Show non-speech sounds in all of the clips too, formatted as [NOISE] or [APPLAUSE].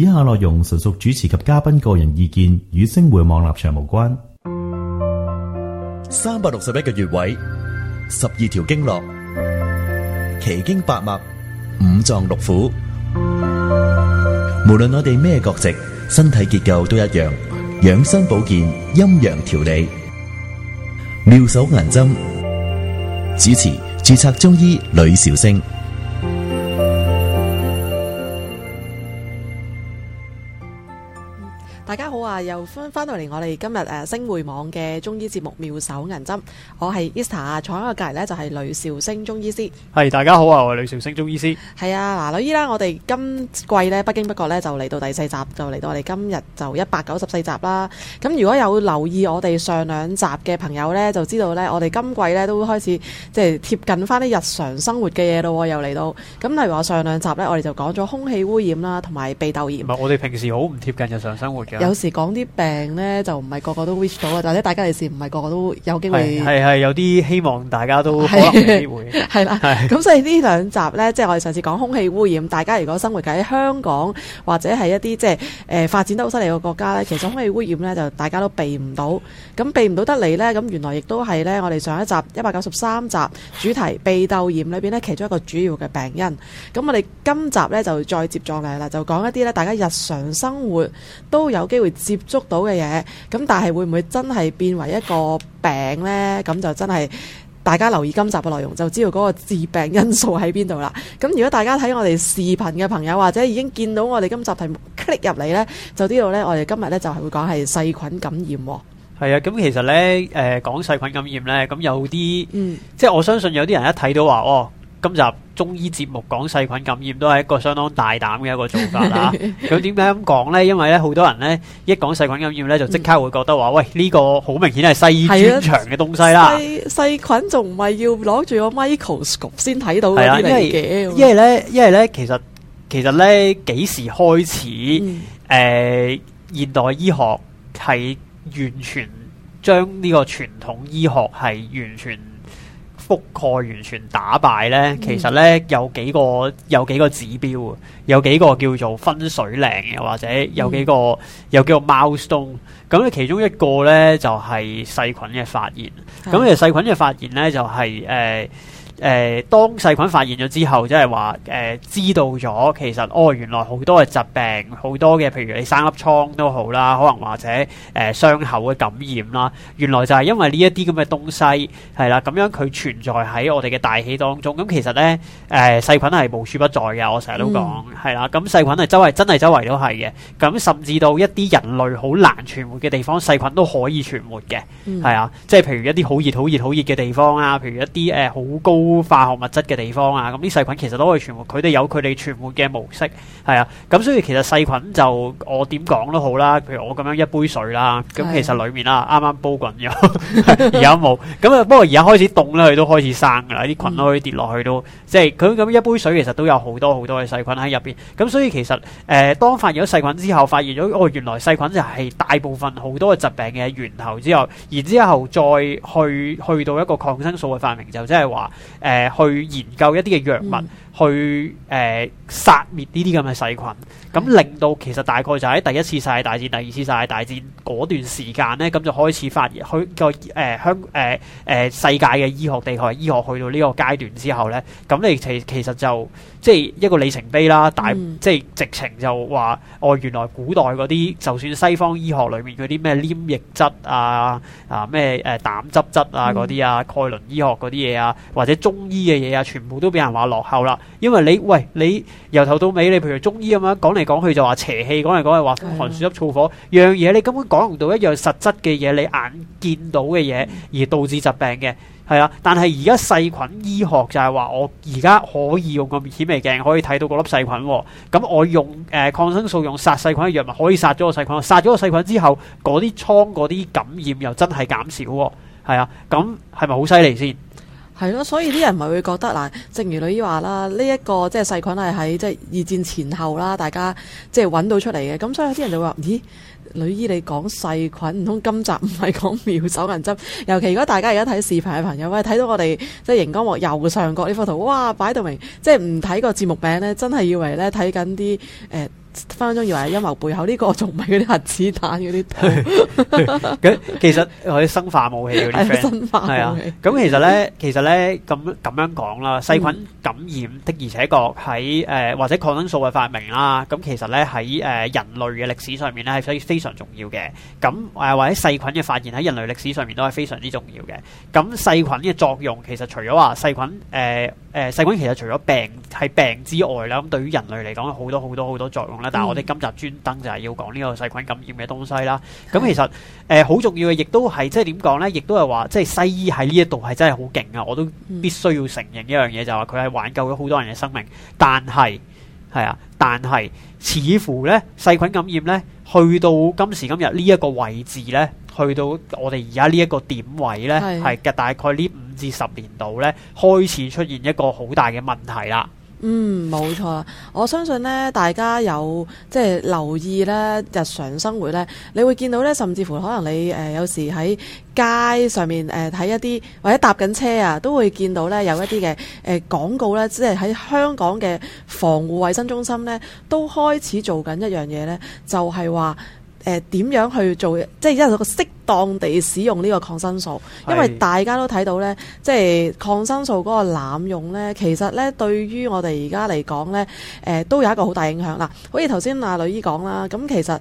以下內容純屬主持及嘉賓個人意見，與星匯網立場無關。三百六十一個穴位，十二條經絡，奇經八脈，五臟六腑。無論我哋咩國籍，身體結構都一樣。養生保健，陰陽調理，妙手銀針。主持注冊中醫呂兆星。又翻翻到嚟我哋今日，誒星匯網嘅中醫節目《妙手銀針》，我係 Esther 坐喺個隔籬呢，就係呂兆星中醫師。係，大家好啊，我係呂兆星中醫師。係啊，嗱，呂姨咧，我哋今季呢，不經不覺呢，就嚟到第四集，就嚟到我哋今日就一百九十四集啦。咁如果有留意我哋上兩集嘅朋友呢，就知道呢，我哋今季呢都開始即係貼近翻啲日常生活嘅嘢咯。又嚟到咁例如話上兩集呢，我哋就講咗空氣污染啦，同埋鼻竇炎。唔係，我哋平時好唔貼近日常生活嘅，有時講。啲病咧就唔係個個都 reach 到嘅，但係大家嘅事唔係個個都有機會，係係有啲希望大家都有機會，係啦。咁所以兩呢兩集咧，即係我哋上次講空氣污染，大家如果生活喺香港或者係一啲即係誒發展得好犀利嘅國家咧，其實空氣污染咧就大家都避唔到，咁避唔到得嚟咧，咁原來亦都係咧，我哋上一集一百九十三集主題鼻竇炎裏邊咧，其中一個主要嘅病因。咁我哋今集咧就再接撞嚟啦，就講一啲咧大家日常生活都有機會。接觸到嘅嘢，咁但係會唔會真係變為一個病呢？咁就真係大家留意今集嘅內容，就知道嗰個致病因素喺邊度啦。咁如果大家睇我哋視頻嘅朋友，或者已經見到我哋今集題目 click 入嚟呢，呢，就知道呢，我哋今日呢就係會講係細菌感染，哦。係啊，咁其實呢，誒、呃，講細菌感染呢，咁有啲，嗯、即係我相信有啲人一睇到話，哦今集中醫節目講細菌感染都係一個相當大膽嘅一個做法啦。咁點解咁講呢？因為咧，好多人咧一講細菌感染咧，就即刻會覺得話：嗯、喂、呢、這個好明顯係西醫專長嘅東西啦。細菌仲唔係要攞住個 microscope 先睇到嗰啲嚟嘅？因為咧，因為咧，其實其實咧，幾時開始？誒、嗯呃，現代醫學係完全將呢個傳統醫學係完全。覆蓋，完全打敗呢，其實呢，有幾個有幾個指標啊，有幾個叫做分水嶺，又或者有幾個又叫做 milestone。咁咧、嗯、其中一個呢，就係、是、細菌嘅發現。咁啊細菌嘅發現呢，就係、是、誒。呃誒，當細菌發現咗之後，即係話誒知道咗，其實哦，原來好多嘅疾病，好多嘅，譬如你生粒瘡都好啦，可能或者誒、呃、傷口嘅感染啦，原來就係因為呢一啲咁嘅東西係啦，咁樣佢存在喺我哋嘅大氣當中。咁其實咧，誒、呃、細菌係無處不在嘅，我成日都講係啦。咁細菌係周圍真係周圍都係嘅。咁甚至到一啲人類好難存活嘅地方，細菌都可以存活嘅，係啊，即係譬如一啲好熱、好熱、好熱嘅地方啊，譬如一啲誒好高化學物質嘅地方啊，咁啲細菌其實都可以存活，佢哋有佢哋存活嘅模式，係啊，咁所以其實細菌就我點講都好啦，譬如我咁樣一杯水啦，咁其實裏面啦，啱啱、哎、呀煲滾咗，而家冇，咁啊，不過而家開始凍咧，佢都開始生噶啦，啲菌都可以跌落去都，嗯、即係佢咁一杯水其實都有好多好多嘅細菌喺入邊，咁所以其實誒、呃，當發現咗細菌之後，發現咗哦，原來細菌就係大部分好多嘅疾病嘅源頭之後，然之後再去去到一個抗生素嘅發明，就即係話。誒、呃、去研究一啲嘅藥物。嗯去誒、呃、殺滅呢啲咁嘅細菌，咁令到其實大概就喺第一次世界大戰、第二次世界大戰嗰段時間呢，咁就開始發現佢個誒香誒誒世界嘅醫學地學、醫學去到呢個階段之後呢，咁你其其實就即係一個里程碑啦。但、嗯、即係直情就話哦，原來古代嗰啲就算西方醫學裏面嗰啲咩黏液質啊啊咩誒、啊啊、膽汁質啊嗰啲啊，蓋倫醫學嗰啲嘢啊，或者中醫嘅嘢啊，全部都俾人話落後啦。因為你喂，你由頭到尾你譬如中醫咁樣講嚟講去就話邪氣，講嚟講去話寒暑濕燥火，嗯、樣嘢你根本講唔到一樣實質嘅嘢，你眼見到嘅嘢而導致疾病嘅，係啊。但係而家細菌醫學就係話，我而家可以用個顯微鏡可以睇到嗰粒細菌，哦，咁我用誒、呃、抗生素用殺細菌嘅藥物可以殺咗個細菌，殺咗個細菌之後，嗰啲瘡嗰啲感染又真係減少，哦，係啊。咁係咪好犀利先？係咯，所以啲人咪會覺得嗱，正如女醫話啦，呢一個即係細菌係喺即係二戰前後啦，大家即係揾到出嚟嘅。咁所以有啲人就會話：咦、嗯 [MUSIC] 嗯 [MUSIC] 嗯， [MUSIC] 女醫你講細菌，唔通今集唔係講妙手銀針？尤其如果大家而家睇視頻嘅朋友喂，睇到我哋即係熒光幕右上角呢幅圖，哇，擺到明，即係唔睇個節目名呢，真係以為呢睇緊啲誒。呃分分鐘以為係陰謀背後，呢、這個仲唔係嗰啲核子彈嗰啲？咁其實係生化武器嗰啲 f r i e n 係啊，咁、哎、呀 [LAUGHS] 其實咧，其實咧咁咁樣講啦，細菌感染的而且確喺誒或者抗生素嘅發明啦，咁其實咧喺誒人類嘅歷史上面咧係非非常重要嘅。咁誒或者細菌嘅發現喺人類歷史上面都係非常之重要嘅。咁細菌嘅作用其實除咗話細菌誒誒細菌其實除咗病係病之外啦，咁對於人類嚟講好多好多好多好多作用。但係我哋今集專登就係要講呢個細菌感染嘅東西啦。咁其實誒好是的、呃、重要嘅，亦都係即係點講呢？亦都係話即係西醫喺呢一度係真係好勁啊！我都必須要承認一樣嘢，就係話佢係挽救咗好多人嘅生命。但係係啊，但係似乎呢，細菌感染呢，去到今時今日呢一個位置呢，去到我哋而家呢一個點位呢，係嘅大概呢五至十年度呢，開始出現一個好大嘅問題啦。嗯，冇錯啦！我相信呢，大家有即係留意咧，日常生活呢，你會見到呢，甚至乎可能你誒有時喺街上面誒睇一啲，或者搭緊車啊，都會見到呢，有一啲嘅誒廣告呢，即係喺香港嘅防護衞生中心呢，都開始做緊一樣嘢呢，就係話。誒點、呃、樣去做？即係而家個適當地使用呢個抗生素，是的 因為大家都睇到呢，即係抗生素嗰個濫用呢，其實呢對於我哋而家嚟講呢，誒、呃、都有一個好大影響。嗱，好似頭先阿呂姨講啦，咁其實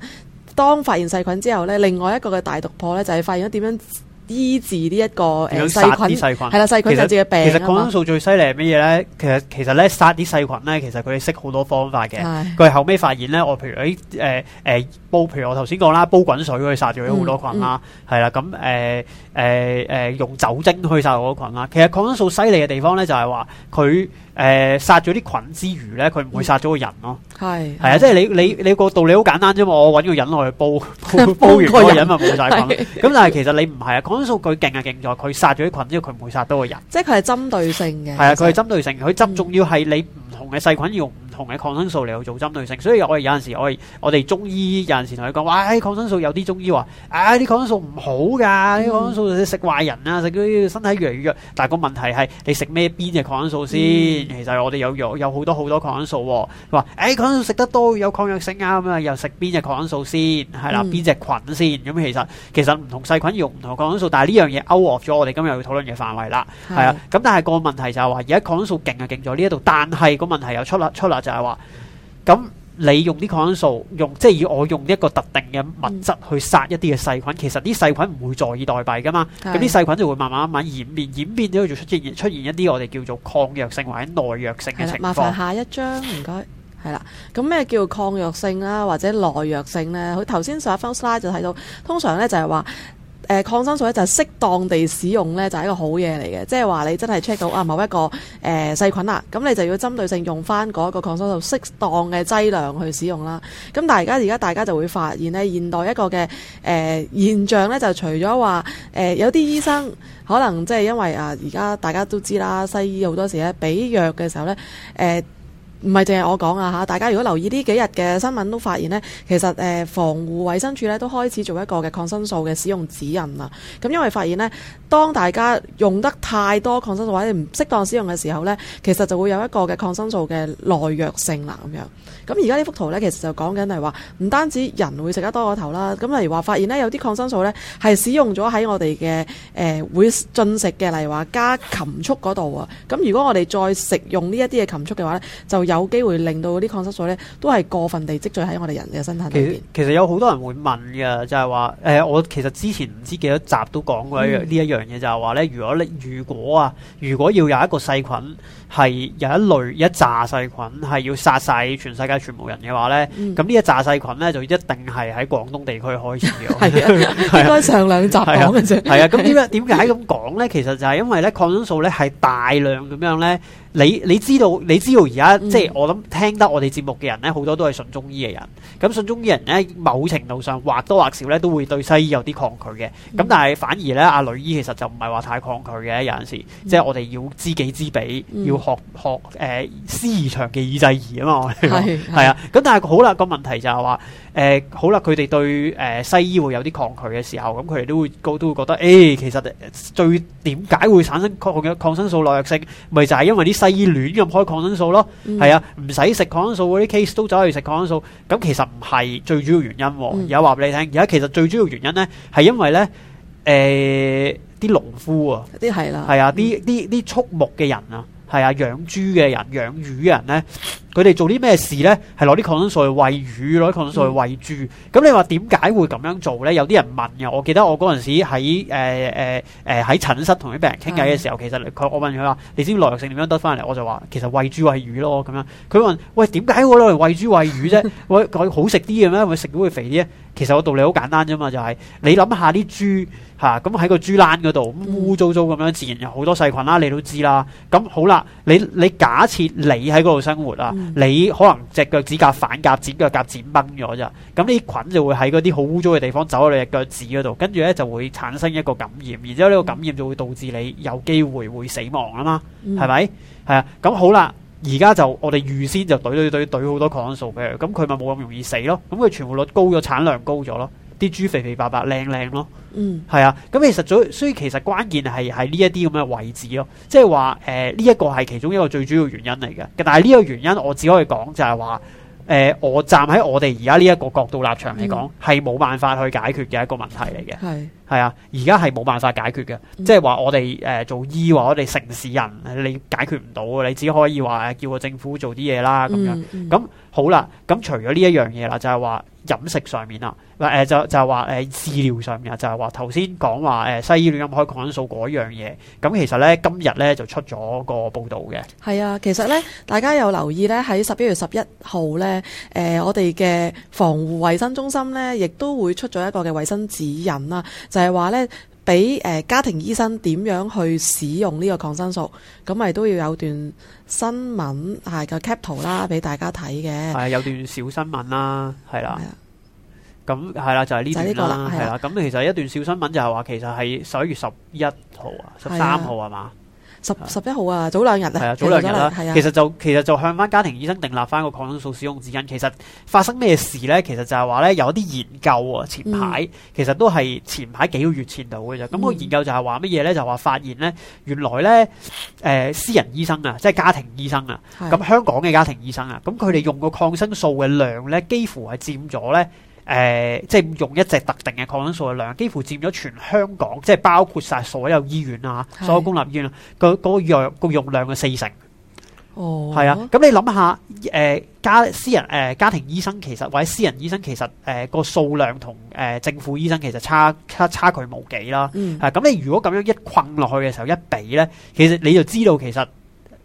當發現細菌之後呢，另外一個嘅大突破呢，就係發現咗點樣。醫治呢一個誒細菌，係啦，細菌病。其實抗生素最犀利係乜嘢咧？其實其實咧，殺啲細菌咧，其實佢哋識好多方法嘅。佢後尾發現咧，我譬如誒誒、欸欸、煲，譬如我頭先講啦，煲滾水可以殺咗好多菌啦。係啦、嗯，咁誒誒誒用酒精去殺嗰個菌啦。其實抗生素犀利嘅地方咧，就係話佢。誒，殺咗啲菌之餘咧，佢唔會殺咗個人咯。係係啊，即係你你你個道理好簡單啫嘛，我搵個人落去煲，煲，煲，煲完煲個人咪唔會殺菌。咁的但係其實你唔係啊，抗生素佢勁啊勁在，佢殺咗啲菌之後，佢唔會殺到個人。即係佢係針對性嘅。係啊，佢係針對性，佢針仲要係你唔同嘅細菌用。同嘅抗生素嚟，有做針對性，所以我哋有陣時我我哋中醫有陣時同佢講，哇，抗生素有啲中醫話，啊啲抗生素唔好噶，啲抗生素食壞人啊，食到身體越嚟越弱。但個問題係你食咩邊隻抗生素先？其實我哋有藥有好多好多抗生素，話誒抗生素食得多有抗藥性啊，咁啊又食邊隻抗生素先？係啦，邊隻菌先？咁其實其實唔同細菌用唔同抗生素，但係呢樣嘢 out of 咗我哋今日要討論嘅範圍啦。係啊，咁但係個問題就係話而家抗生素勁啊勁咗呢一度，但係個問題又出啦出啦就。就係話，咁你用啲抗生素，用即係以我用一個特定嘅物質去殺一啲嘅細菌，其實啲細菌唔會坐以待斃噶嘛，咁啲細菌就會慢慢慢慢演變，演變咗就出現出現一啲我哋叫做抗藥性或者耐藥性嘅情況。麻煩下一張，唔該，係啦， [LAUGHS] 咁咩叫抗藥性啦，啊，或者耐藥性咧？佢頭先上翻 slide 就睇到，通常咧就係話。誒、呃、抗生素咧就是、適當地使用咧就係、是、一個好嘢嚟嘅，即係話你真係 check 到啊某一個誒細、呃、菌啦，咁你就要針對性用翻嗰個抗生素適當嘅劑量去使用啦。咁但係而家而家大家就會發現咧，現代一個嘅誒、呃、現象咧，就除咗話誒有啲醫生可能即係因為啊而家大家都知啦，西醫好多時咧俾藥嘅時候咧誒。呃唔係淨係我講啊吓，大家如果留意呢幾日嘅新聞都發現咧，其實誒防護衛生署咧都開始做一個嘅抗生素嘅使用指引啦。咁因為發現咧，當大家用得太多抗生素或者唔適當使用嘅時候咧，其實就會有一個嘅抗生素嘅耐藥性啦。咁樣，咁而家呢幅圖咧，其實就講緊係話唔單止人會食得多過頭啦。咁例如話，發現咧有啲抗生素咧係使用咗喺我哋嘅誒會進食嘅，例如話家禽畜嗰度啊。咁如果我哋再食用呢一啲嘅禽畜嘅話咧，就有機會令到啲抗生素咧，都係過分地積聚喺我哋人嘅身體裏邊。其實有好多人會問嘅，就係話誒，我其實之前唔知幾多集都講過呢一樣嘢，嗯、呢一樣嘢，就係話咧，如果你如果啊，如果要有一個細菌，係有一類一炸細菌係要殺晒全世界全部人嘅話咧，咁呢、嗯、一炸細菌咧就一定係喺廣東地區開始嘅。係 [LAUGHS] 啊， [LAUGHS] 啊應該上兩集講嘅啫。係啊，咁點解點解咁講咧？嗯、麼麼呢 [LAUGHS] 其實就係因為咧，抗生素咧係大量咁樣咧，你你知道你知道而家即係我諗聽得我哋節目嘅人咧，好多都係信中醫嘅人。咁信中醫人咧，某程度上或多或少咧都會對西醫有啲抗拒嘅。咁、嗯、但係反而咧，阿、啊、女醫其實就唔係話太抗拒嘅。有陣時即係我哋要知己知彼要。學學誒，師長嘅耳制兒啊嘛，係啊。咁是是 但係好啦，個問題就係話誒，好啦，佢哋對誒西醫會有啲抗拒嘅時候，咁佢哋都會都會覺得誒、欸，其實最點解會產生抗抗生素耐藥性，咪就係因為啲西醫亂咁開抗生素咯？係啊、嗯，唔使食抗生素嗰啲 case 都走去食抗生素，咁其實唔係最主要原因。有話俾你聽，而家其實最主要原因咧，係因為咧誒啲農夫啊，啲係啦，係啊、嗯，啲啲啲畜牧嘅人啊。係啊，養豬嘅人、養魚嘅人咧。佢哋做啲咩事咧？係攞啲抗生素去餵魚，攞啲抗生素去餵豬。咁你話點解會咁樣做咧？有啲人問嘅。我記得我嗰陣時喺誒誒誒喺診室同啲病人傾偈嘅時候，其實佢我問佢話：你知唔知耐藥性點樣得翻嚟？我就話：其實餵豬餵魚咯，咁樣。佢問：喂點解我攞嚟 [LAUGHS] 餵豬餵魚啫？餵佢好食啲嘅咩？會食到會肥啲？其實個道理好簡單啫嘛、就是，就係你諗下啲豬吓，咁、啊、喺個豬欄嗰度污糟糟咁樣，自然有好多細菌啦，你都知啦。咁好啦，你你，你假設你喺嗰度生活啊？嗯你可能隻腳趾甲反甲剪腳甲剪崩咗啫，咁啲菌就會喺嗰啲好污糟嘅地方走喺你隻腳趾嗰度，跟住咧就會產生一個感染，然之後呢個感染就會導致你有機會會死亡啊嘛，係咪、嗯？係啊，咁好啦，而家就我哋預先就隊隊隊隊好多抗生素俾佢，咁佢咪冇咁容易死咯，咁佢存活率高咗，產量高咗咯。啲豬肥肥白白、靚靚靚咯，嗯，係啊，咁其實最，所以其實關鍵係喺呢一啲咁嘅位置咯，即係話誒呢一個係其中一個最主要原因嚟嘅，但係呢個原因我只可以講就係話誒，我站喺我哋而家呢一個角度立場嚟講係冇辦法去解決嘅一個問題嚟嘅，係係是 啊，而家係冇辦法解決嘅，即係話我哋誒、呃、做醫或者我哋城市人，你解決唔到你只可以話叫個政府做啲嘢啦咁樣咁。好啦，咁除咗呢一樣嘢啦，就係話飲食上面啦，唔誒就就係話誒治療上面啊，就係話頭先講話誒西醫亂咁開抗生素嗰樣嘢，咁其實咧今日咧就出咗個報道嘅。係啊，其實咧大家有留意咧喺十一月十一號咧，誒我哋嘅防護衞生中心咧亦都會出咗一個嘅衞生指引啦，就係話咧。俾誒、呃、家庭醫生點樣去使用呢個抗生素，咁咪都要有段新聞係個 cap 圖啦，俾大家睇嘅。係有段小新聞啦，係啦。咁係啦，就係、是、呢段啦，係啦。咁其實一段小新聞就係話，其實係十一月十一號啊，十三號係嘛？的十十一號啊，早兩日啦，係啊，早兩日啦，係啊。其實就其實就向翻家庭醫生訂立翻個抗生素使用指引。其實發生咩事咧？其實就係話咧，有一啲研究啊，前排、嗯、其實都係前排幾個月前度嘅啫。咁、嗯、個研究就係話乜嘢咧？就話、是、發現咧，原來咧，誒、呃，私人醫生啊，即係家庭醫生啊，咁是的 香港嘅家庭醫生啊，咁佢哋用個抗生素嘅量咧，幾乎係佔咗咧。誒、呃，即係用一隻特定嘅抗生素嘅量，幾乎佔咗全香港，即係包括晒所有醫院啊，是所有公立醫院啊，個嗰個藥個用量嘅四成。哦，係啊。咁你諗下，誒、呃、家私人誒、呃、家庭醫生其實或者私人醫生其實誒、呃、個數量同誒、呃、政府醫生其實差差差距無幾啦。咁、嗯啊、你如果咁樣一困落去嘅時候，一比呢，其實你就知道其實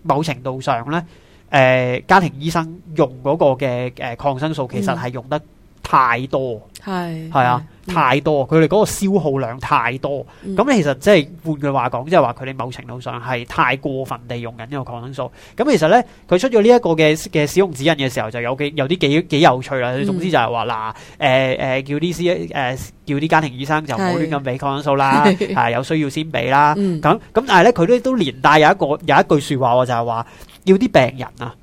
某程度上呢，誒、呃、家庭醫生用嗰個嘅誒抗生素其實係用得、嗯，太多，係係啊，太多，佢哋嗰個消耗量太多，咁、嗯、其實即係換句話講，即係話佢哋某程度上係太過分地用緊呢個抗生素。咁其實咧，佢出咗呢一個嘅嘅使用指引嘅時候，就有幾有啲幾幾有趣啦。總之就係話嗱，誒誒、嗯呃呃、叫啲師誒叫啲家庭醫生就唔好亂咁俾抗生素啦，係、嗯啊、有需要先俾啦。咁咁、嗯、但係咧，佢都都連帶有一個有一句話說話，就係話要啲病人啊。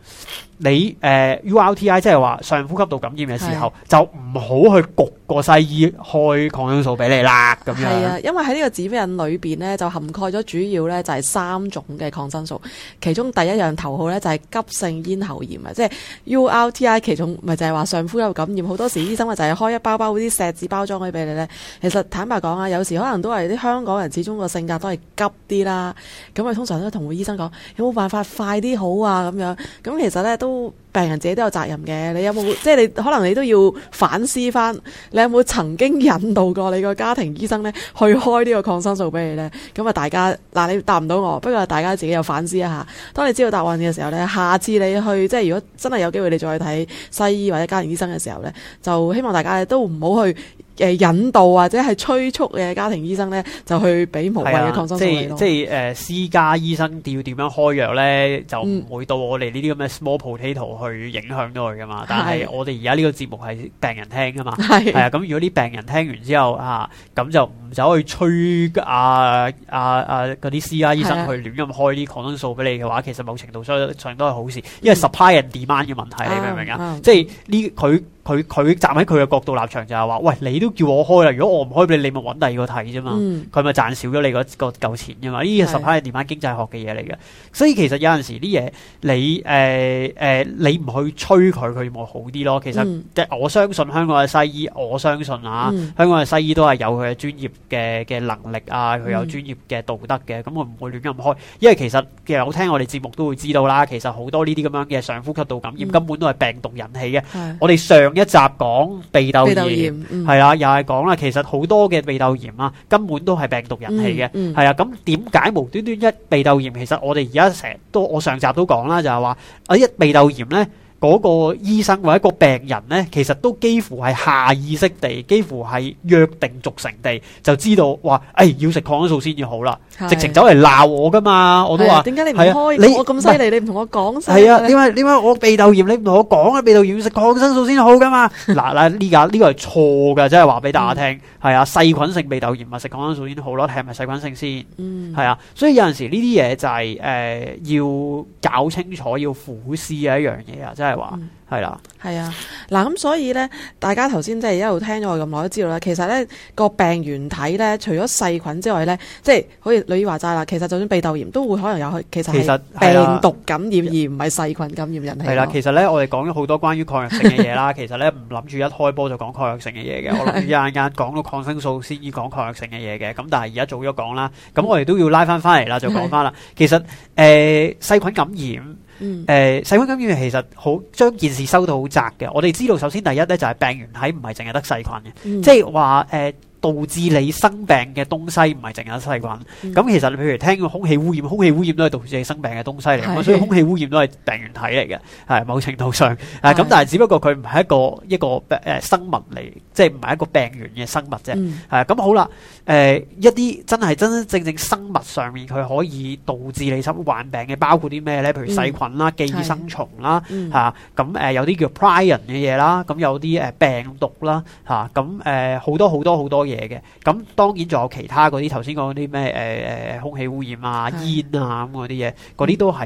你誒、呃、URTI 即係話上呼吸道感染嘅時候，是的 就唔好去焗。個西醫開抗生素俾你啦，咁樣係啊，因為喺呢個指引裏邊咧，就涵蓋咗主要咧就係三種嘅抗生素，其中第一樣頭號咧就係急性咽喉炎啊，即係 U R T I，其中咪就係話上呼吸道感染，好多時醫生啊就係開一包包嗰啲錫紙包裝嗰啲俾你咧，其實坦白講啊，有時可能都係啲香港人始終個性格都係急啲啦，咁啊通常都同個醫生講，有冇辦法快啲好啊咁樣？咁其實咧都。病人自己都有責任嘅，你有冇即係你可能你都要反思翻，你有冇曾經引導過你個家庭醫生呢去開呢個抗生素俾你呢？咁啊，大家嗱，你答唔到我，不過大家自己有反思一下。當你知道答案嘅時候呢，下次你去即係如果真係有機會你再去睇西醫或者家庭醫生嘅時候呢，就希望大家都唔好去。誒，引導或者係催促嘅家庭醫生咧，就去俾無謂嘅抗生素，啊。即係到即係誒、呃，私家醫生要點樣開藥咧，就唔會到我哋呢啲咁嘅 small potato 去影響到佢噶嘛。但係我哋而家呢個節目係病人聽噶嘛，係啊的。咁如果啲病人聽完之後啊，咁就唔走去催啊啊啊嗰啲私家醫生去亂咁開啲抗生素俾你嘅話，的其實某程度上上都係好事，因為 supply and demand 嘅問題，嗯、你明唔明啊？即係呢佢。啊佢佢站喺佢嘅角度立場就係話，喂，你都叫我開啦，如果我唔開俾你，咪揾第二個睇啫嘛。佢咪賺少咗你個個嚿錢啫嘛。呢個實係連翻經濟學嘅嘢嚟嘅。所以其實有陣時啲嘢，你誒誒、呃呃，你唔去催佢，佢咪好啲咯。其實、嗯、我相信香港嘅西醫，我相信啊，嗯、香港嘅西醫都係有佢嘅專業嘅嘅能力啊，佢有專業嘅道德嘅，咁、嗯嗯、我唔會亂咁開。因為其實其實我聽我哋節目都會知道啦，其實好多呢啲咁樣嘅上呼吸道感染根本都係病毒引起嘅。嗯嗯、我哋上一集講鼻竇炎，係啊，又係講啦。其實好多嘅鼻竇炎啊，根本都係病毒引起嘅。係、嗯嗯、啊，咁點解無端端一鼻竇炎？其實我哋而家成日都，我上集都講啦，就係話啊，一鼻竇炎咧。嗰個醫生或者個病人咧，其實都幾乎係下意識地，幾乎係約定俗成地就知道話：誒要食抗生素先至好啦，直情走嚟鬧我噶嘛！我都話點解你唔開？你我咁犀利，你唔同我講先？係啊，點解點解我鼻竇炎？你唔同我講啊？鼻竇炎要食抗生素先好噶嘛？嗱嗱，呢個呢個係錯嘅，即係話俾大家聽。係啊，細菌性鼻竇炎咪食抗生素先好咯，睇係咪細菌性先。嗯，係啊，所以有陣時呢啲嘢就係誒要搞清楚、要反思啊一樣嘢啊，即係。係話係啦，係啊，嗱咁所以咧，大家頭先即係一路聽咗我咁耐，都知道啦。其實咧個病原體咧，除咗細菌之外咧，即係好似你話齋啦，其實就算鼻竇炎都會可能有，其實其實病毒感染而唔係細菌感染人係啦。其實咧，我哋講咗好多關於抗藥性嘅嘢啦。其實咧唔諗住一開波就講抗藥性嘅嘢嘅，我諗住一晏晏講到抗生素先，要講抗藥性嘅嘢嘅。咁但係而家早咗講啦，咁我哋都要拉翻翻嚟啦，就講翻啦。其實誒細菌感染。誒細菌感染，其實好將件事收到好窄嘅，我哋知道首先第一咧就係、是、病原體唔係淨係得細菌嘅，嗯、即係話誒。呃導致你生病嘅東西唔係淨係細菌，咁其實你譬如聽個空氣污染，空氣污染都係導致你生病嘅東西嚟，對所以空氣污染都係病原體嚟嘅，係某程度上，啊咁是但係只不過佢唔係一個一個誒生物嚟，即係唔係一個病原嘅生物啫，係、啊、咁好啦，誒、呃、一啲真係真真正正生物上面佢可以導致你患病嘅，包括啲咩咧？譬如細菌啦、啊、寄生蟲啦、啊，嚇咁誒有啲叫 prion 嘅嘢啦，咁、啊、有啲誒病毒啦，嚇咁誒好多好多好多。嘢嘅，咁當然仲有其他嗰啲，頭先講嗰啲咩誒誒空氣污染啊、煙啊咁嗰啲嘢，嗰啲都係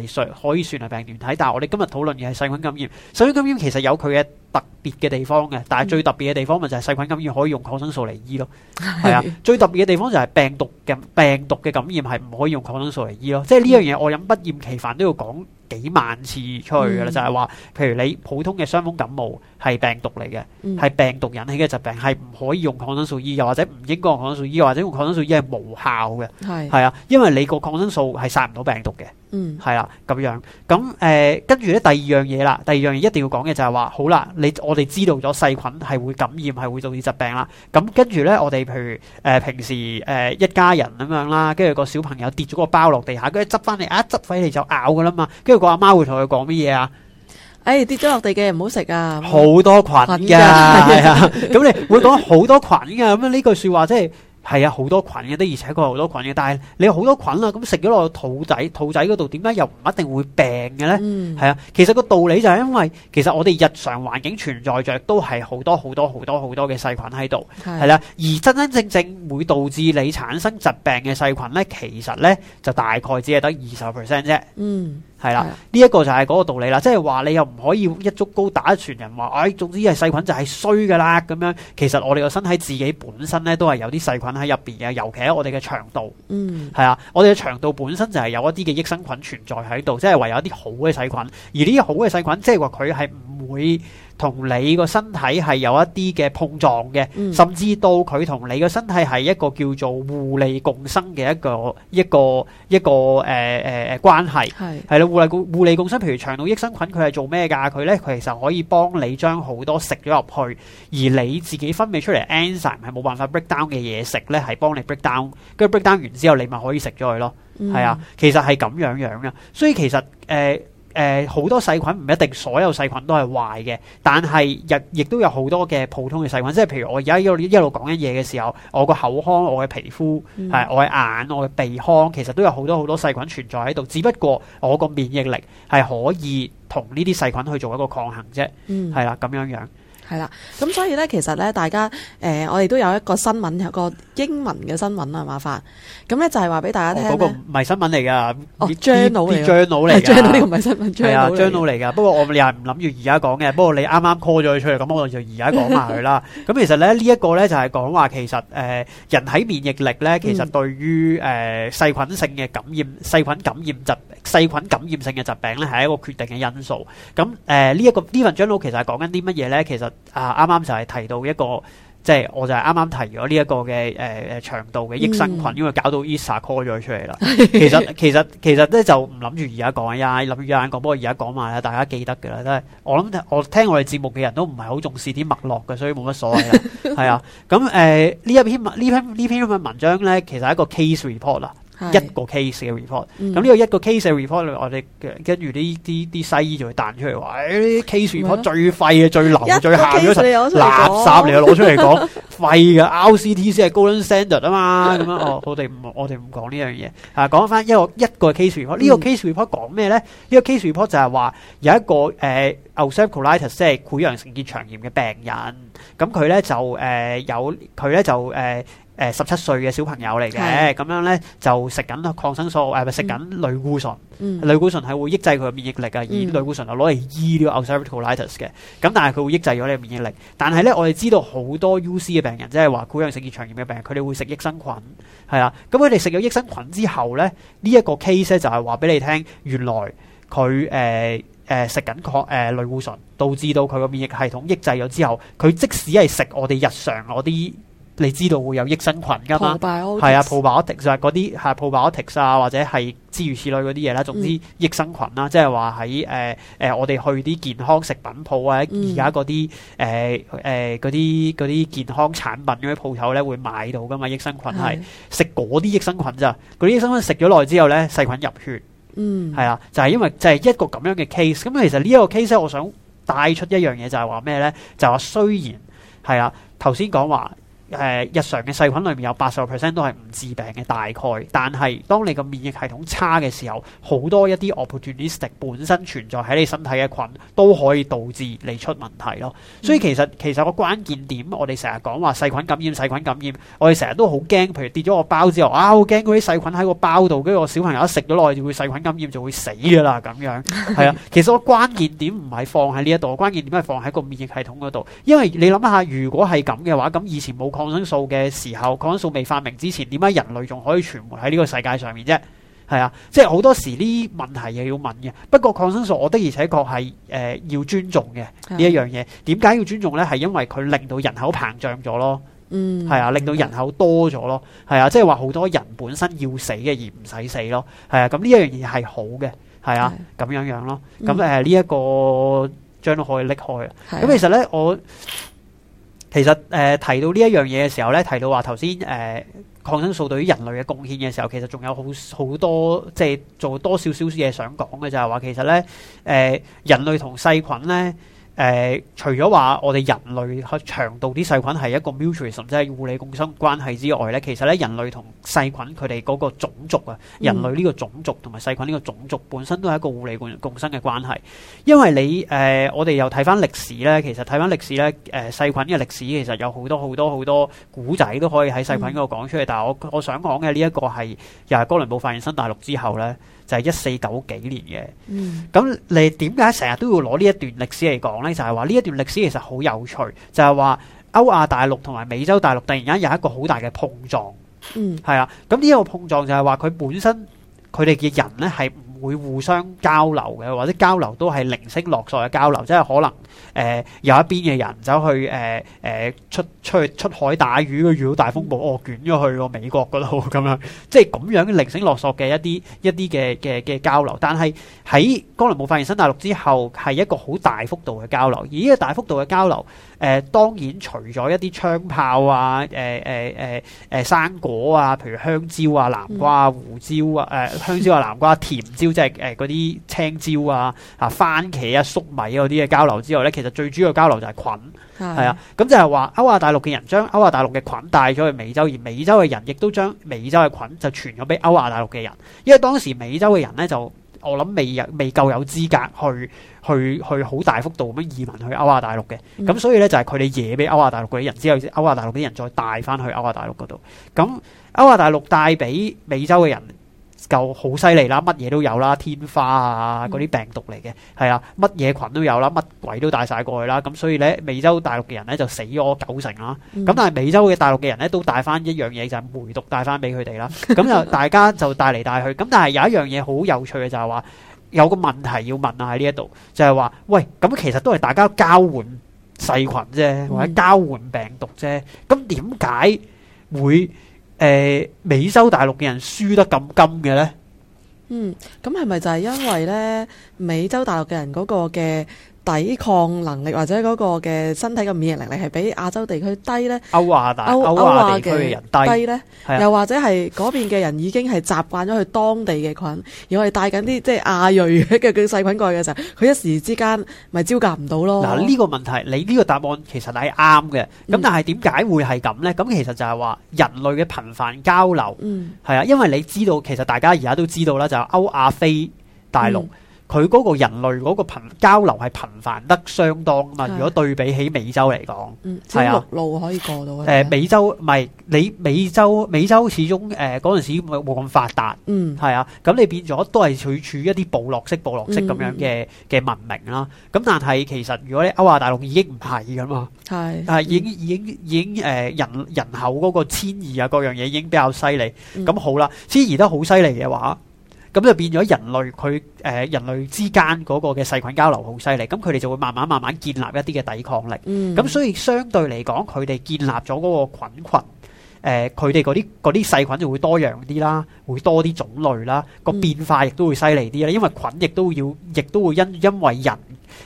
可以算係病原體。但係我哋今日討論嘅係細菌感染，細菌感染其實有佢嘅特別嘅地方嘅。但係最特別嘅地方咪就係細菌感染可以用抗生素嚟醫咯。係啊，是最特別嘅地方就係病毒嘅病毒嘅感染係唔可以用抗生素嚟醫咯。即係呢樣嘢我飲不厭其煩都要講幾萬次出去㗎啦。嗯、就係話，譬如你普通嘅傷風感冒。係病毒嚟嘅，係、嗯、病毒引起嘅疾病，係唔可以用抗生素醫，又或者唔應該用抗生素醫，又或者用抗生素醫係無效嘅。係係是 啊，因為你個抗生素係殺唔到病毒嘅。嗯、啊，係啦，咁樣咁誒，跟住咧第二樣嘢啦，第二樣嘢一定要講嘅就係話，好啦，你我哋知道咗細菌係會感染，係會導致疾病啦。咁跟住咧，我哋譬如誒、呃、平時誒、呃、一家人咁樣啦，跟住個小朋友跌咗個包落地下，跟住執翻嚟，一執翻嚟就咬噶啦嘛，媽媽跟住個阿媽會同佢講乜嘢啊？誒、哎，跌咗落地嘅唔好食啊！好多菌噶，係啊，咁的 [LAUGHS] 你會講好多菌噶，咁樣呢句說話即係係啊，好多菌嘅，的而且確好多菌嘅。但係你好多菌啦，咁食咗落肚仔，肚仔嗰度點解又唔一定會病嘅咧？係啊、嗯，其實個道理就係因為，其實我哋日常環境存在着都係好多好多好多好多嘅細菌喺度，係啦是的。而真真正正會導致你產生疾病嘅細菌咧，其實咧就大概只係得二十 percent 啫。而已 嗯。係啦，呢一個就係嗰個道理啦，即係話你又唔可以一竹篙打一船人，話，誒，總之係細菌就係衰㗎啦咁樣。其實我哋個身體自己本身咧都係有啲細菌喺入邊嘅，尤其喺我哋嘅腸道。嗯，係啊，我哋嘅腸道本身就係有一啲嘅益生菌存在喺度，即係唯有一啲好嘅細菌。而呢啲好嘅細菌，即係話佢係唔會同你個身體係有一啲嘅碰撞嘅，嗯、甚至到佢同你個身體係一個叫做互利共生嘅一個一個一個誒誒誒關係。係係互利互利共生，譬如腸道益生菌，佢係做咩噶？佢咧，佢其實可以幫你將好多食咗入去，而你自己分泌出嚟 enzyme 係冇辦法 break down 嘅嘢食咧，係幫你 break down。跟住 break down 完之後，你咪可以食咗佢咯。係、嗯、啊，其實係咁樣樣嘅。所以其實誒。呃誒、呃、好多細菌唔一定，所有細菌都係壞嘅。但係亦亦都有好多嘅普通嘅細菌，即係譬如我而家一路一路講緊嘢嘅時候，我個口腔、我嘅皮膚、係、嗯、我嘅眼、我嘅鼻腔，其實都有好多好多細菌存在喺度。只不過我個免疫力係可以同呢啲細菌去做一個抗衡啫。係啦、嗯，咁樣樣。係啦，咁所以咧，其實咧，大家誒，我哋都有一個新聞，有個英文嘅新聞啊，麻煩。咁咧就係話俾大家聽個，唔係新聞嚟噶，journal 嚟，journal 嚟，journal 呢個唔係新聞，係啊，journal 嚟噶。不過我哋係唔諗住而家講嘅，不過你啱啱 call 咗佢出嚟，咁我就而家講埋佢啦。咁其實咧呢一個咧就係講話其實誒人體免疫力咧，其實對於誒細菌性嘅感染，細菌感染疾、細菌感染性嘅疾病咧，係一個決定嘅因素。咁誒呢一個呢份 journal 其實係講緊啲乜嘢咧？其實啊！啱啱就係提到一個，即係我就係啱啱提咗呢一個嘅誒誒長度嘅益生菌，嗯、因為搞到 Esa call 咗出嚟啦。 [LAUGHS] 其實其實其實咧就唔諗住而家講，而家諗住而家講，不過而家講埋啦，大家記得噶啦。真係我諗我聽我哋節目嘅人都唔係好重視啲脈絡嘅，所以冇乜所謂。係 [LAUGHS] 啊，咁誒呢一篇呢篇呢篇咁嘅文章咧，其實係一個 case report 啦。一個 case 嘅 report，咁、嗯、呢個一個 case 嘅 report，我哋跟住呢啲啲西醫就會彈出嚟話，誒、哎，呢 case report 最廢嘅、最流、個最下咗垃圾你又攞出嚟講廢嘅。R C T 先係 Golden Standard 啊嘛，咁 [LAUGHS] 樣哦，我哋唔我哋唔講呢樣嘢。吓、啊，講翻一個一個 case report，呢個 case report 講咩咧？呢、嗯、個 case report 就係話有一個誒 o、呃、ulcerative colitis 即係潰瘍性結腸炎嘅病人，咁佢咧就誒有，佢、呃、咧就誒。呃誒十七歲嘅小朋友嚟嘅，咁是樣咧就食緊抗生素，誒咪食緊類固醇。類固、嗯、醇係會抑制佢免疫力啊，嗯、而類固醇就攞嚟治療 ulcerative colitis 嘅。咁但係佢會抑制咗你免疫力。但係咧，我哋知道好多 U C 嘅病人，即係話潰瘍性結腸炎嘅病人，佢哋會食益生菌，係啦。咁佢哋食咗益生菌之後咧，呢、這、一個 case 咧就係話俾你聽，原來佢誒誒食緊抗誒類固醇，導致到佢個免疫系統抑制咗之後，佢即使係食我哋日常嗰啲。你知道會有益生菌噶嘛？係啊 probiotics 就係嗰啲係 probiotics 啊，或者係諸如此類嗰啲嘢啦。總之益生菌啦，即係話喺誒誒，我哋去啲健康食品鋪啊，而家嗰啲誒誒啲啲健康產品嗰啲鋪頭咧，會買到噶嘛？益生菌係食嗰啲益生菌咋，嗰啲益生菌食咗耐之後咧，細菌入血，嗯，係啊，就係、是、因為就係一個咁樣嘅 case。咁、嗯、其實呢一個 case，我想帶出一樣嘢，就係話咩咧？就係話雖然係啊，頭先講話。誒、呃、日常嘅細菌裏面有八十個 percent 都係唔治病嘅大概，但係當你個免疫系統差嘅時候，好多一啲 opportunistic 本身存在喺你身體嘅菌都可以導致你出問題咯。所以其實其實個關鍵點，我哋成日講話細菌感染細菌感染，我哋成日都好驚。譬如跌咗個包之後，啊好驚嗰啲細菌喺個包度，跟住個小朋友一食咗落去就會細菌感染，就會死噶啦咁樣。係 [LAUGHS] 啊，其實個關鍵點唔係放喺呢一度，關鍵點係放喺個免疫系統嗰度。因為你諗下，如果係咁嘅話，咁以前冇。抗生素嘅時候，抗生素未發明之前，點解人類仲可以存活喺呢個世界上面啫？係啊，即係好多時呢問題又要問嘅。不過抗生素，我的而且確係誒要尊重嘅呢一樣嘢。點解是的 要尊重呢？係因為佢令到人口膨脹咗咯，係、嗯、啊，令到人口多咗咯，係啊，是的 即係話好多人本身要死嘅而唔使死咯，係啊。咁呢一樣嘢係好嘅，係啊，咁樣樣咯。咁誒呢一個將可以裂開啊。咁其實呢，我。其實誒提到呢一樣嘢嘅時候咧，提到話頭先誒抗生素對於人類嘅貢獻嘅時候，其實仲有好好多即係做多少少嘢想講嘅就係話其實咧誒人類同細菌咧。誒、呃，除咗話我哋人類去、呃、腸道啲細菌係一個 mutualism，即係互利共生關係之外咧，其實咧人類同細菌佢哋嗰個種族啊，嗯、人類呢個種族同埋細菌呢個種族本身都係一個互利共共生嘅關係。因為你誒、呃，我哋又睇翻歷史咧，其實睇翻歷史咧，誒、呃、細菌嘅歷史其實有好多好多好多古仔都可以喺細菌嗰度講出嚟。嗯、但係我我想講嘅呢一個係又係哥倫布發現新大陸之後咧。就係一四九幾年嘅咁，嗯、你點解成日都要攞呢一段歷史嚟講呢？就係話呢一段歷史其實好有趣，就係、是、話歐亞大陸同埋美洲大陸突然間有一個好大嘅碰撞，係、嗯、啊。咁呢個碰撞就係話佢本身佢哋嘅人呢係。會互相交流嘅，或者交流都係零星落索嘅交流，即係可能，誒、呃、有一邊嘅人走去，誒、呃、誒出出去出海打魚，佢遇到大風暴，哦，捲咗去個美國嗰度咁樣，即係咁樣零星落索嘅一啲一啲嘅嘅嘅交流。但係喺哥倫布發現新大陸之後，係一個好大幅度嘅交流，而呢個大幅度嘅交流。誒、呃、當然除咗一啲槍炮啊、誒誒誒誒生果啊，譬如香蕉啊、南瓜啊、胡椒啊、誒、呃、香蕉啊、南瓜、甜椒即係誒嗰啲青椒啊、啊番茄啊、粟米嗰啲嘅交流之外咧，其實最主要嘅交流就係菌係啊，咁就係話歐亞大陸嘅人將歐亞大陸嘅菌帶咗去美洲，而美洲嘅人亦都將美洲嘅菌就傳咗俾歐亞大陸嘅人，因為當時美洲嘅人咧就。我諗未有未夠有資格去去去好大幅度咁移民去歐亞大陸嘅，咁所以咧就係佢哋惹俾歐亞大陸嗰啲人之後，歐亞大陸啲人再帶返去歐亞大陸嗰度，咁歐亞大陸帶俾美洲嘅人。就好犀利啦，乜嘢都有啦，天花啊嗰啲病毒嚟嘅。係啊，乜嘢菌都有啦，乜鬼都帶晒過去啦，咁所以咧美洲大陸嘅人咧就死咗九成啦，咁但係美洲嘅大陸嘅人咧都帶翻一樣嘢就係梅毒帶翻俾佢哋啦，咁就大家就帶嚟帶去，咁 [LAUGHS] 但係有一樣嘢好有趣嘅就係話有個問題要問啊，喺呢一度就係話喂，咁其實都係大家交換細菌啫，或者交換病毒啫，咁點解會？誒、嗯，美洲大陸嘅人輸得咁甘嘅呢？嗯，咁係咪就係因為呢美洲大陸嘅人嗰個嘅？抵抗能力或者嗰個嘅身體嘅免疫能力係比亞洲地區低呢？歐亞大歐歐亞地區嘅人低咧，低呢的又或者係嗰邊嘅人已經係習慣咗去當地嘅菌，而我哋帶緊啲即係亞裔嘅嘅細菌過去嘅時候，佢一時之間咪招架唔到咯。嗱，呢、呢個問題，你呢個答案其實係啱嘅，咁但係點解會係咁呢？咁其實就係話人類嘅頻繁交流，係啊、嗯，因為你知道其實大家而家都知道啦，就歐亞非大陸。嗯佢嗰個人類嗰個頻交流係頻繁得相當啊！如果對比起美洲嚟講，係啊、嗯，陸路可以過到咧。美洲唔係你美洲？美洲始終誒嗰陣時冇冇咁發達，係啊、嗯。咁你變咗都係處處一啲部落式、部落式咁樣嘅嘅文明啦。咁、嗯嗯、但係其實如果你歐亞大陸已經唔係噶嘛，係啊、嗯嗯，已經已經已經誒人人口嗰個遷移啊各樣嘢已經比較犀利。咁、嗯嗯、好啦，遷移得好犀利嘅話。咁就變咗人類佢誒、呃、人類之間嗰個嘅細菌交流好犀利，咁佢哋就會慢慢慢慢建立一啲嘅抵抗力。咁、嗯、所以相對嚟講，佢哋建立咗嗰個菌群，誒、呃，佢哋嗰啲啲細菌就會多樣啲啦，會多啲種類啦，個變化亦都會犀利啲啦。嗯、因為菌亦都要亦都會因因為人誒、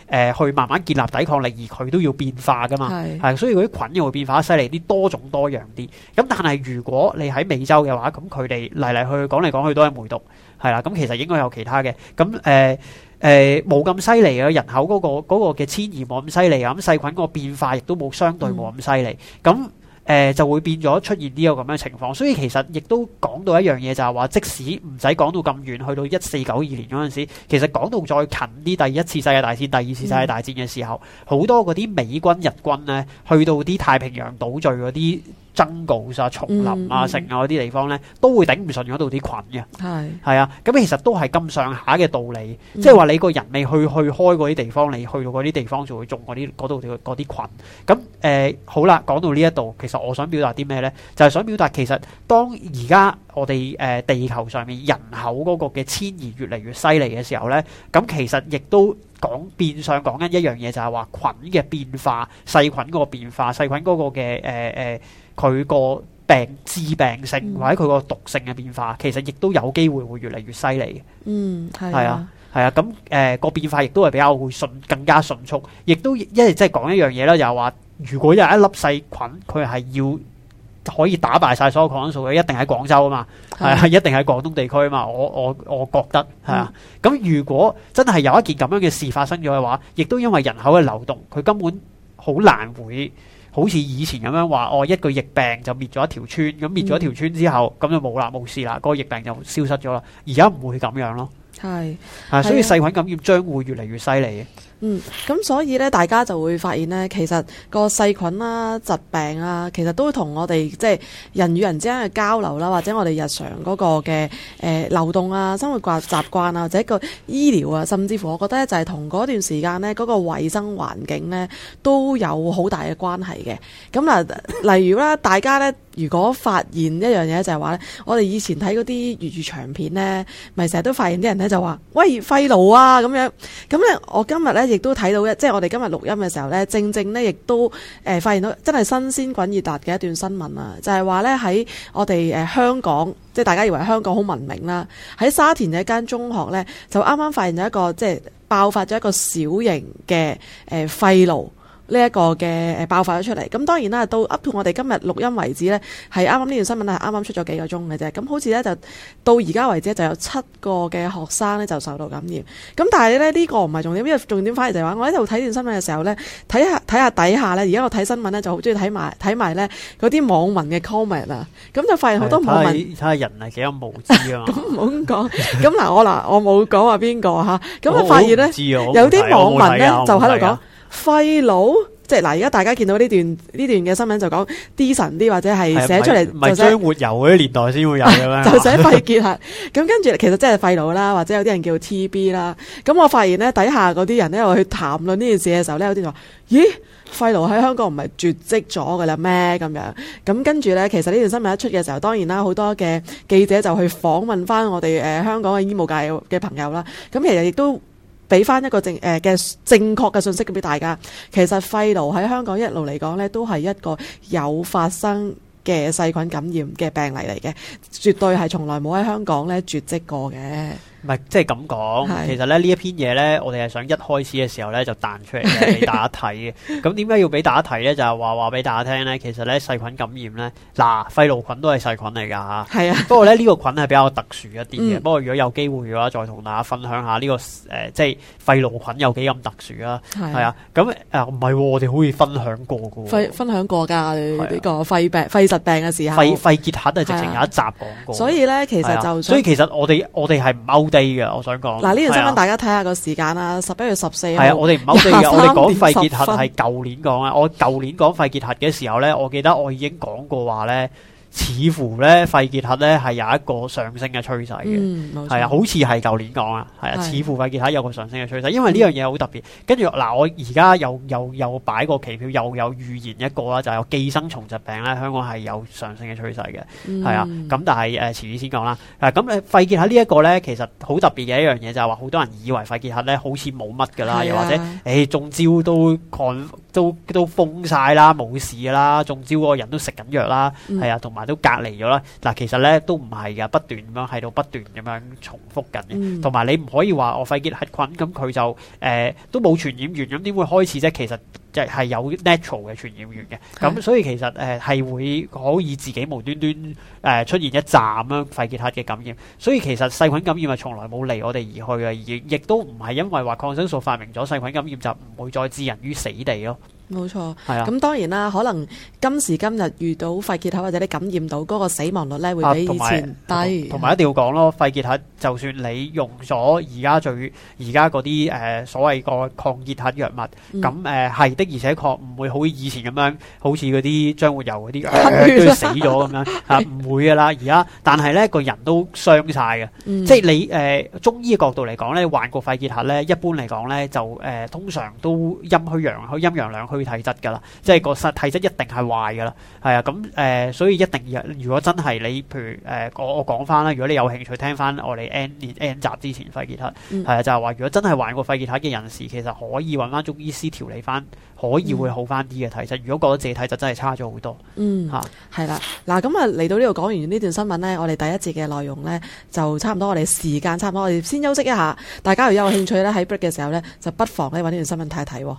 呃、去慢慢建立抵抗力，而佢都要變化噶嘛係是，所以嗰啲菌又會變化犀利啲，多種多樣啲。咁但係如果你喺美洲嘅話，咁佢哋嚟嚟去去講嚟講去都係梅毒。係啦，咁其實應該有其他嘅，咁誒誒冇咁犀利啊，呃呃、人口嗰、嗰個嘅、嗰個、遷移冇咁犀利啊，咁細菌個變化亦都冇相對冇咁犀利，咁誒、嗯呃、就會變咗出現呢個咁樣情況，所以其實亦都講到一樣嘢就係話，即使唔使講到咁遠，去到一四九二年嗰陣時，其實講到再近啲第一次世界大戰、第二次世界大戰嘅時候，好、嗯、多嗰啲美軍、日軍咧，去到啲太平洋島嶼嗰啲。登高、沙叢林啊、城啊啲地方咧，都會頂唔順嗰度啲菌嘅。係係是啊，咁其實都係咁上下嘅道理。即係話你個人未去去開嗰啲地方，你去到嗰啲地方就會種嗰啲度嗰啲菌。咁誒、呃、好啦，講到呢一度，其實我想表達啲咩咧？就係、是、想表達其實當而家我哋誒、呃、地球上面人口嗰個嘅遷移越嚟越犀利嘅時候咧，咁其實亦都講變相講緊一樣嘢，就係話菌嘅變化、細菌嗰個變化、細菌嗰個嘅誒誒。呃呃佢個病致病性或者佢個毒性嘅變化，其實亦都有機會會越嚟越犀利。嗯，係啊，係啊，咁誒個變化亦都係比較會順更加迅速，亦都因為即係講一樣嘢啦，就係、是、話，如果有一粒細菌，佢係要可以打敗晒所有抗生素嘅，一定喺廣州啊嘛，係啊，啊，一定喺廣東地區啊嘛，我我我覺得係啊。咁、嗯、如果真係有一件咁樣嘅事發生咗嘅話，亦都因為人口嘅流動，佢根本好難會。好似以前咁樣話哦，一個疫病就滅咗一條村，咁滅咗條村之後，咁、嗯、就冇啦，冇事啦，嗰個疫病就消失咗啦。而家唔會咁樣咯，係是啊，所以細菌感染將會越嚟越犀利。嗯，咁所以咧，大家就會發現咧，其實個細菌啦、啊、疾病啊，其實都會同我哋即係人與人之間嘅交流啦、啊，或者我哋日常嗰個嘅誒、呃、流動啊、生活慣習慣啊，或者個醫療啊，甚至乎我覺得就係同嗰段時間呢，嗰、嗰個衞生環境呢都有好大嘅關係嘅。咁嗱、啊，例如啦，大家呢。如果發現一樣嘢就係話咧，我哋以前睇嗰啲粵語長片呢咪成日都發現啲人呢就話，喂，肺癆啊咁樣。咁咧，我今日呢亦都睇到一，即係我哋今日錄音嘅時候呢，正正呢亦都誒、呃、發現到真係新鮮滾熱辣嘅一段新聞啊！就係、是、話呢喺我哋誒、呃、香港，即係大家以為香港好文明啦，喺沙田嘅一間中學呢，就啱啱發現咗一個即係爆發咗一個小型嘅誒、呃、肺癆。呢一個嘅爆發咗出嚟，咁當然啦，到 update 我哋今日錄音為止咧，係啱啱呢段新聞係啱啱出咗幾個鐘嘅啫。咁好似咧就到而家為止就有七個嘅學生咧就受到感染。咁但係咧呢、呢個唔係重點，因為重點反而就係話，我喺度睇段新聞嘅時候咧，睇下睇下底下咧，而家我睇新聞咧就好中意睇埋睇埋咧嗰啲網民嘅 comment 啊。咁就發現好多網民睇下人係幾咁無知啊、 [LAUGHS] 嗯。咁唔好咁講。咁嗱， [LAUGHS] 我嗱我冇講話邊個吓。咁啊 [LAUGHS] 發現咧，有啲網民咧就喺度講。肺癆，即係嗱，而家大家見到呢段呢段嘅新聞就講啲神啲或者係寫出嚟，唔係張活游嗰啲年代先會有嘅咩、啊？就寫肺結核。咁、 [LAUGHS] 嗯、跟住其實即係肺癆啦，或者有啲人叫 T B 啦、嗯。咁我發現咧底下嗰啲人咧，我去談論呢件事嘅時候咧，有啲話咦，肺癆喺香港唔係絕跡咗㗎啦咩？咁樣咁、嗯、跟住咧，其實呢段新聞一出嘅時候，當然啦，好多嘅記者就去訪問翻我哋誒、呃、香港嘅醫務界嘅朋友啦。咁其實亦都。俾翻一個正誒嘅、呃、正確嘅信息咁俾大家，其實肺癆喺香港一路嚟講咧，都係一個有發生嘅細菌感染嘅病例嚟嘅。絕對係從來冇喺香港咧絕跡過嘅。唔係，即係咁講，其實咧呢一篇嘢咧，我哋係想一開始嘅時候咧就彈出嚟俾大家睇嘅。咁點解要俾大家睇咧？就係話話俾大家聽咧，其實咧細菌感染咧，嗱，肺癆菌都係細菌嚟噶吓。係是啊。不過咧呢、這個菌係比較特殊一啲嘅。不過、嗯、如果有機會嘅話，再同大家分享下呢、這個誒、呃，即係肺癆菌有幾咁特殊啊。係。是啊，啊。咁誒唔係，我哋好似分享過嘅。分享過噶呢個肺病、肺疾病嘅時候。肺肺結核都係直情有一集講過。是啊、所以咧，其實就、啊、所以其實我哋我哋係唔低嘅，我想講。嗱，呢度先幫大家睇下個時間啊，十一月十四號。係，我哋唔 OK 嘅。我哋講肺結核係舊年講啊，我舊年講肺結核嘅時候咧，我記得我已經講過話咧。似乎咧肺結核咧係有一個上升嘅趨勢嘅，係、嗯、啊，好似係舊年講啊，係啊，似乎肺結核有個上升嘅趨勢，因為呢樣嘢好特別。跟住嗱，我而家又又又擺個期票，又有預言一個啦，就係、有、寄生蟲疾病咧，香港係有上升嘅趨勢嘅，係、嗯、啊。咁但係誒遲啲先講啦，咁、呃、誒、啊、肺結核呢一個咧，其實好特別嘅一樣嘢就係、是、話，好多人以為肺結核咧好似冇乜㗎啦，是啊、又或者誒、欸、中招都抗都都，都封晒啦，冇事啦，中招嗰個人都食緊藥啦，係、嗯、啊，同埋。都隔離咗啦，嗱，其實咧都唔係噶，不斷咁樣喺度不斷咁樣重複緊嘅，同埋、嗯、你唔可以話我肺結核菌咁佢就誒、呃、都冇傳染源咁點會開始啫？其實就係有 natural 嘅傳染源嘅，咁是的 所以其實誒係、呃、會可以自己無端端誒、呃、出現一站咁樣、啊、肺結核嘅感染，所以其實細菌感染係從來冇離我哋而去嘅，而亦都唔係因為話抗生素發明咗細菌感染就唔會再置人於死地咯。冇錯，係啊。咁當然啦，可能今時今日遇到肺結核或者你感染到嗰個死亡率咧，會比以前低。同埋一定要講咯，肺結核就算你用咗而家最而家嗰啲誒所謂個抗結核藥物，咁誒係的，而且確唔會好似以前咁樣，好似嗰啲張活游嗰啲都死咗咁樣嚇，唔會噶啦。而家但係咧個人都傷晒嘅，即係你誒中醫角度嚟講咧，患過肺結核咧，一般嚟講咧就誒通常都陰虛、陽虛、陰陽兩虛。體質噶啦，即係個實體質一定係壞噶啦，係啊，咁誒、呃，所以一定，如果真係你，譬如誒、呃，我我講翻啦，如果你有興趣聽翻我哋 n 年 n, n 集之前肺結核，係啊、嗯，就係、是、話，如果真係患過肺結核嘅人士，其實可以揾翻中醫師調理翻，可以會好翻啲嘅體質。如果覺得自己體質真係差咗好多，嗯吓，係啦、啊，嗱、嗯，咁啊嚟到呢度講完呢段新聞咧，我哋第一節嘅內容咧就差唔多，我差多我，我哋時間差唔多，我哋先休息一下。大家如果有興趣咧，喺 break 嘅時候咧，就不妨咧揾呢段新聞睇一睇。